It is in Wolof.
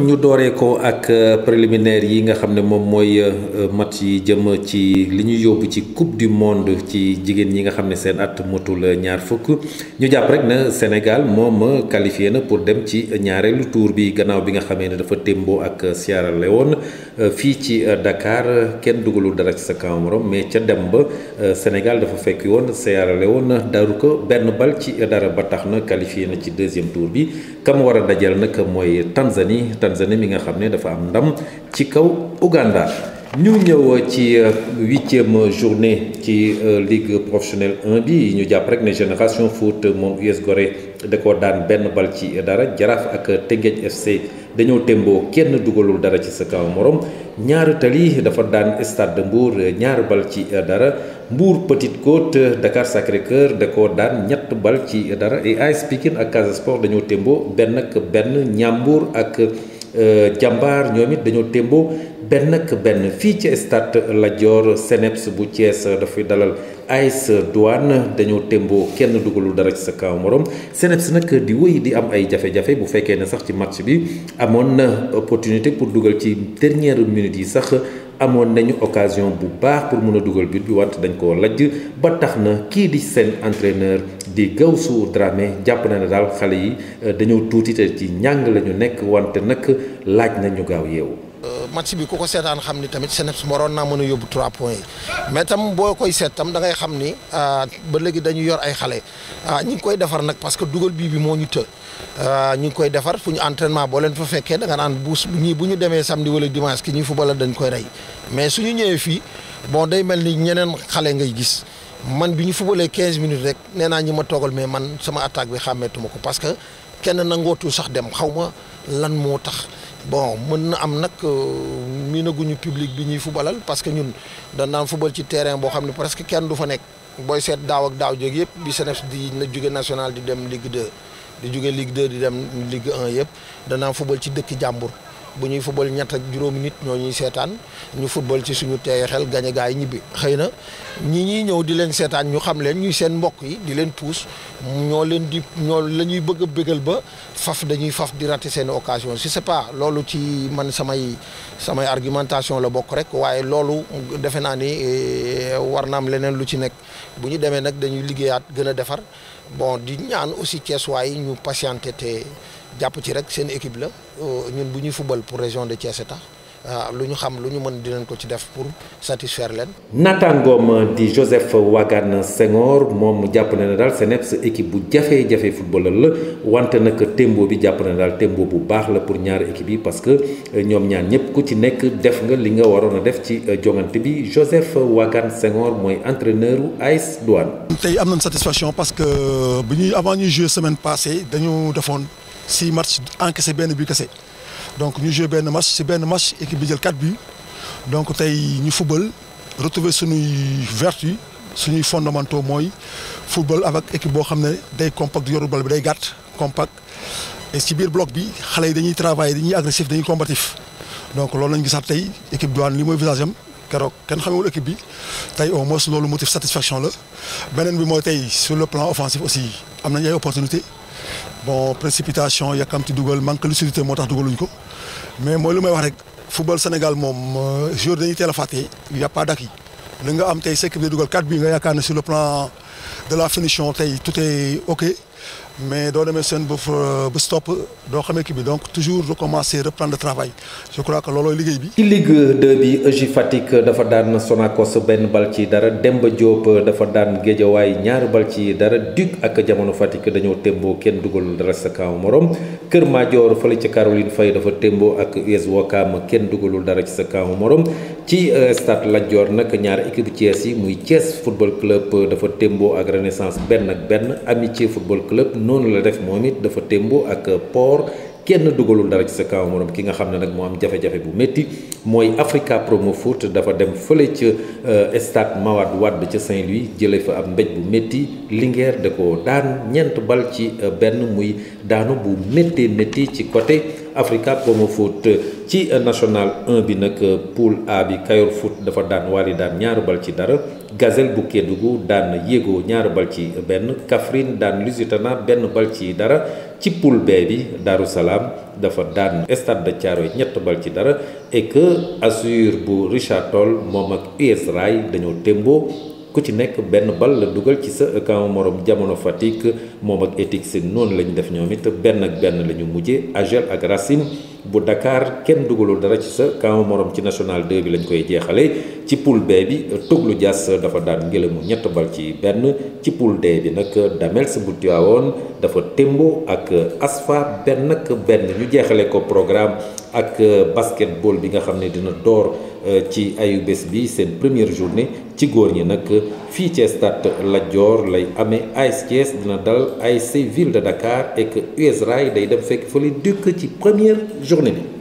ñu dooree ko ak euh, préliminaire yi nga xam ne moom mooy euh, mat yi jëmm ci li ñu yóbb ci coupe du monde ci jigéen ñi nga xam ne seen at motul euh, ñaar fukk ñu jàpp rek na Sénégal moom qualifié na pour dem ci ñaareelu tour bi gannaaw bi nga xamee ne dafa témboo ak Sierra Leone fii ci Dakar kenn dugalul dara ci sa mais ca dem ba Sénégal dafa fekk woon Sierra Leone daru ko benn bal ci dara ba tax na qualifié na ci deuxième tour bi kam war a dajal nag mooy Tanzanie. Tanzanie mi nga xam ne dafa am ndam ci kaw Uganda ñu ñëw ci euh, huitième journée ci euh, ligue professionnelle 1 bi ñu jàpp rek ne génération foot moom US da ko daan benn bal ci dara jaraaf ak Teungueth FC dañoo témboo kenn dugalul dara ci sa kaw morom ñaari tali dafa daan stade Mbour ñaari bal ci dara Mbour Petite Côte Dakar Sacré-Cœur da ko daan ñett bal ci dara et AS ak Casa dañoo témboo benn ak benn Ñàmbuur ak. Eh, jambar ñoomit dañoo tembo benn ak benn fii ci stat la joor seneps bu ciees eh, dafay dalal ais eh, douane dañoo tembo kenn dugalu dara ci sa kaw morom seneps nak di wëy di am ay jafe-jafe bu fekkee ne sax ci match bi amoon na opportunité pour dugal ci dernière minute yi sax amoon nañu occasion bu baax pour mën a dugal but bi wante dañ koo laj ba tax na kii di seen entraîneur di gëw su dramé japp na dal xalé yi dañoo tuuti te ci ñang lañu nekk wante nak laaj nañu gaaw yew eh, match bi ku ko sétane xamni tamit seneps moron na mëna yobbu 3 points metam boy koy sétam da ngay xamni eh, ba legi dañu yor ay xalé eh, ñi koy défar nak parce que dugal bi bi mo ñu te ñi koy défar fuñu entraînement bo len fa fekke da nga nan bus ñi buñu démé samedi wala dimanche ki ñi footballer dañ koy ray mais suñu ñëwé fi bon day melni ñeneen xalé ngay gis man bi ñu fubalee 15 minutes rek nee naa ñi ma toogal mais man sama attaque bi xàmmeetuma ko parce que kenn nangootu sax dem xaw ma lan moo tax bon mën na am nag euh, miinaguñu public bi ñuy fubalal parce que ñun danaa daan fubal ci terrain boo xam ne presque kenn du fa nekk booy seet daaw ak daaw jóg yëpp bi CNEPS di na jóge national di dem Ligue 2 di jóge Ligue de di dem Ligue 1 yëpp danaa fubal ci dëkk jàmbur bu ñuy football ñett ak juróomi nit ñoo ñuy seetaan ñu football ci suñu teey xel gañe gaay ñibbi xëy na ñi ñuy ñëw di leen seetaan ñu xam leen ñuy seen mbokk yi di leen puus ñoo leen di ñoo la ñuy bëgg a bégal ba faf dañuy faf di raté seen occasion si c'est pas loolu ci man samay samay argumentation la bokk rek waaye loolu defe naa ni eh, war na am leneen lu ci nekk bu ñu demee nag dañuy liggéeyaat gën a defar bon di ñaan aussi Cees waay ñu patienté te jàpp ci rek seen équipe la euh, ñun bu ñuy football pour région de Thiès tax euh, lu ñu xam lu ñu mën dinañ ko ci def pour satisfaire leen. nattaangoom di Joseph Wagane Senghor moom jàpp na ne daal CNEPS équipe bu jafe-jafe footballeur la wante nag tembo bi jàpp na daal tembo bu baax la pour ñaari équipe yi parce que euh, ñoom ñaar ñëpp ku ci nekk def nga li nga waroon a def ci jongante bi Joseph Wagane Senghor mooy entraîneur ice AS Douane. tey am nañ satisfaction parce que bi ñuy avant ñuy jouer semaine passée dañu defoon. 6 matchs encaissés, ben but cassé. Donc nous jouons bien le match, c'est le match l'équipe a 4 buts. Donc on nous football, retrouver ce nous vertu, ce nous fondamentaux Le football avec l'équipe de comme des compacts du football, des gars compacts. Et si bien bloc bi, les jeunes travaillent, ils sont agressifs, ils Donc nous a une l'équipe de l'équipe de l'équipe de l'équipe de keroog kenn xamewul équipe bi tay au moins lolu motif satisfaction la benen bi moy tay sur le plan offensif aussi am nañ ay opportunité bon précipitation yàkkamti dougal manque lucidité moo tax dugaluñ ko mais moy lu may wax rek football Sénégal mom euh, jour dañuy téla faté y a pas d'acquis li nga am tay sa équipe de dougal 4 bi nga yaakaar sur le plan de la finition tay tout est ok mais dans le médecin vous bu stop doo xamee kii donc toujours recommencer reprendre le travail je crois que lolo ligue bi. Ligue 2 bi EJ Fatick dafa daan Sonacos ben bal ci dara Demba Diop dafa daan Géejawaay ñaar bal ci dara Duc ak jamono Fatick dañu tembo ken dugul dara sa kaw morom keur Madior fële ci Caroline Faye dafa tembo ak US Ouakam ken dugul dara ci sa kaw morom ci euh, stade la Dior nag ñaari équipe Thiès yi muy Thiès football club dafa tembo ak Renaissance ben ak benn Amitié football club. noonu la def moom it dafa témboo ak poor kenn dugalul dara ci sa kaw ki nga xam ne nag moo am jafe-jafe bu métti mooy Africa Promo Foot dafa dem fële ca euh, stade Mawade Wade ca Saint-Louis jële fa ab mbéj bu métti Linguère da ko daan ñeent bal ci euh, benn muy daanu bu méttee métti ci côté Africa Promo Foot ci national un bi nag euh, poule A bi Kayor Foot dafa daan Wally daan ñaari bal ci dara Gazelle bu Kédougou daan Yégo ñaari bal ci benn Kaffrine daan Lusitana benn bal ci dara ci poule B bi Darou Salaam dafa daan Stade de Thiaroye ñett bal ci dara et que Assur bu Richard Toll moom ak US Rail dañoo témboo ku ci nekk benn bal la dugal ci sa camp morom jamono Fatick moom ak Etix noonu la ñu def ñoom it benn ak benn la ñu mujjee Agel ak Racine bu Dakar kenn dugalul dara ci sa camp morom ci national 2 bi lañ koy jeexale ci poule B bi Toglu Dias dafa daan ngelamu ñett bal ci benn ci poul D bi nag Damels bu Tiwaawoon dafa Tembo ak Asfa benn ak benn ñu jeexale ko programme. ak euh, basketball bi nga xamné dina door euh, ci ayu bés bi sen première journée ci góor ñi nag fii ci stade la Dior lay amé AS Thiès dina dal ASC Ville de Dakar et que USRA day dem fekk fële deux ci première journée bi.